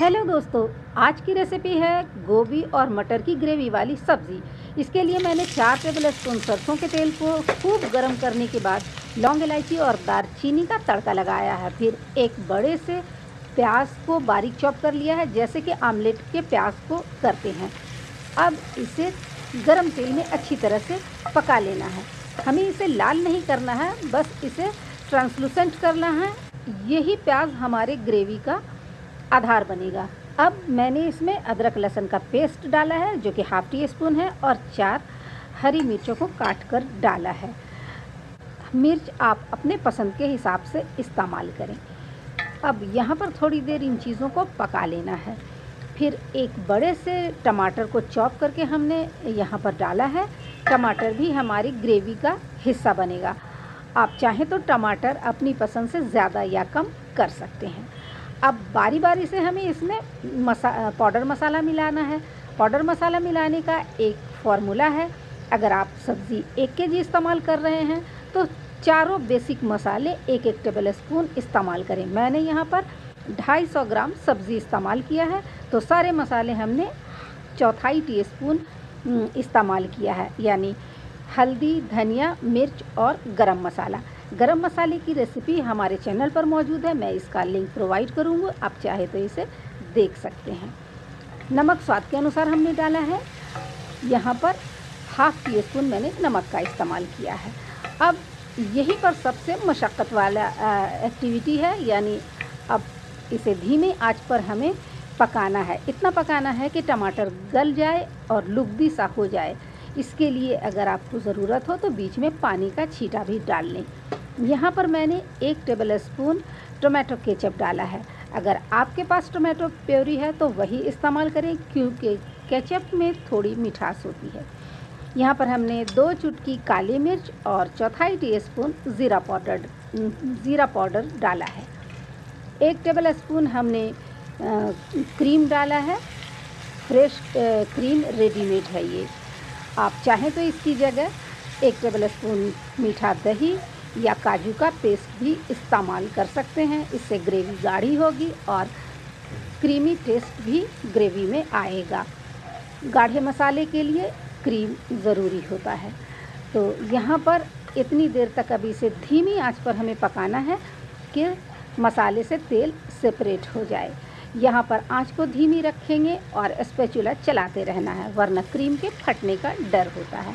hello दोस्तों आज की रेसिपी है गोभी और मटर की ग्रेवी वाली सब्ज़ी इसके लिए मैंने चार टेबल स्पून सरसों के तेल को खूब गर्म करने के बाद लौंग इलायची और दारचीनी का तड़का लगाया है फिर एक बड़े से प्याज को बारीक चॉप कर लिया है जैसे कि आमलेट के प्याज को करते हैं अब इसे गर्म तेल में अच्छी तरह से पका लेना है हमें इसे लाल नहीं करना है बस इसे ट्रांसलूसेंट करना है यही प्याज हमारे ग्रेवी का आधार बनेगा अब मैंने इसमें अदरक लहसुन का पेस्ट डाला है जो कि हाफ़ टी स्पून है और चार हरी मिर्चों को काट कर डाला है मिर्च आप अपने पसंद के हिसाब से इस्तेमाल करें अब यहाँ पर थोड़ी देर इन चीज़ों को पका लेना है फिर एक बड़े से टमाटर को चॉप करके हमने यहाँ पर डाला है टमाटर भी हमारी ग्रेवी का हिस्सा बनेगा आप चाहें तो टमाटर अपनी पसंद से ज़्यादा या कम कर सकते हैं अब बारी बारी से हमें इसमें मसा पाउडर मसाला मिलाना है पाउडर मसाला मिलाने का एक फार्मूला है अगर आप सब्ज़ी एक के जी इस्तेमाल कर रहे हैं तो चारों बेसिक मसाले एक एक टेबल स्पून इस्तेमाल करें मैंने यहाँ पर 250 ग्राम सब्ज़ी इस्तेमाल किया है तो सारे मसाले हमने चौथाई टी स्पून इस्तेमाल किया है यानी हल्दी धनिया मिर्च और गरम मसाला गरम मसाले की रेसिपी हमारे चैनल पर मौजूद है मैं इसका लिंक प्रोवाइड करूँगी आप चाहे तो इसे देख सकते हैं नमक स्वाद के अनुसार हमने डाला है यहाँ पर हाफ़ टी स्पून मैंने नमक का इस्तेमाल किया है अब यहीं पर सबसे मशक्क़त वाला एक्टिविटी है यानी अब इसे धीमे आंच पर हमें पकाना है इतना पकाना है कि टमाटर गल जाए और लुगदी सा हो जाए इसके लिए अगर आपको ज़रूरत हो तो बीच में पानी का छीटा भी डाल लें यहाँ पर मैंने एक टेबल स्पून टोमेटो केचप डाला है अगर आपके पास टोमेटो प्योरी है तो वही इस्तेमाल करें क्योंकि केचप में थोड़ी मिठास होती है यहाँ पर हमने दो चुटकी काली मिर्च और चौथाई टी स्पून ज़ीरा पाउडर ज़ीरा पाउडर डाला है एक टेबल स्पून हमने क्रीम डाला है फ्रेश क्रीम रेडीमेड है ये आप चाहें तो इसकी जगह एक टेबल स्पून मीठा दही या काजू का पेस्ट भी इस्तेमाल कर सकते हैं इससे ग्रेवी गाढ़ी होगी और क्रीमी टेस्ट भी ग्रेवी में आएगा गाढ़े मसाले के लिए क्रीम ज़रूरी होता है तो यहाँ पर इतनी देर तक अभी इसे धीमी आंच पर हमें पकाना है कि मसाले से तेल सेपरेट हो जाए यहाँ पर आंच को धीमी रखेंगे और स्पेचुला चलाते रहना है वरना क्रीम के फटने का डर होता है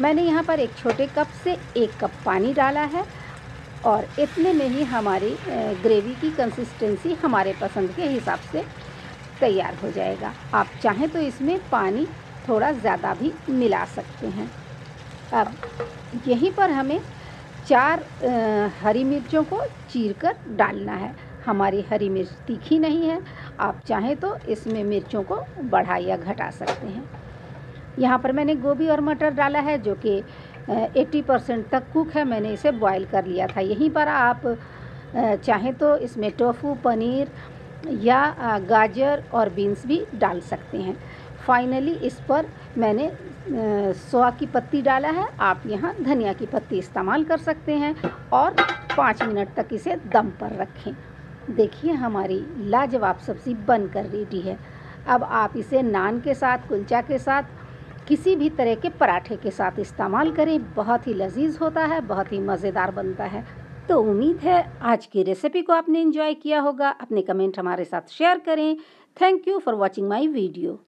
मैंने यहाँ पर एक छोटे कप से एक कप पानी डाला है और इतने में ही हमारी ग्रेवी की कंसिस्टेंसी हमारे पसंद के हिसाब से तैयार हो जाएगा आप चाहें तो इसमें पानी थोड़ा ज़्यादा भी मिला सकते हैं अब यहीं पर हमें चार आ, हरी मिर्चों को चीर कर डालना है हमारी हरी मिर्च तीखी नहीं है आप चाहें तो इसमें मिर्चों को बढ़ा या घटा सकते हैं यहाँ पर मैंने गोभी और मटर डाला है जो कि 80 परसेंट तक कुक है मैंने इसे बॉईल कर लिया था यहीं पर आप चाहें तो इसमें टोफू पनीर या गाजर और बीन्स भी डाल सकते हैं फाइनली इस पर मैंने सोआ की पत्ती डाला है आप यहाँ धनिया की पत्ती इस्तेमाल कर सकते हैं और पाँच मिनट तक इसे दम पर रखें देखिए हमारी लाजवाब सब्ज़ी बनकर रेडी है अब आप इसे नान के साथ कुलचा के साथ किसी भी तरह के पराठे के साथ इस्तेमाल करें बहुत ही लजीज होता है बहुत ही मज़ेदार बनता है तो उम्मीद है आज की रेसिपी को आपने एंजॉय किया होगा अपने कमेंट हमारे साथ शेयर करें thank you for watching my video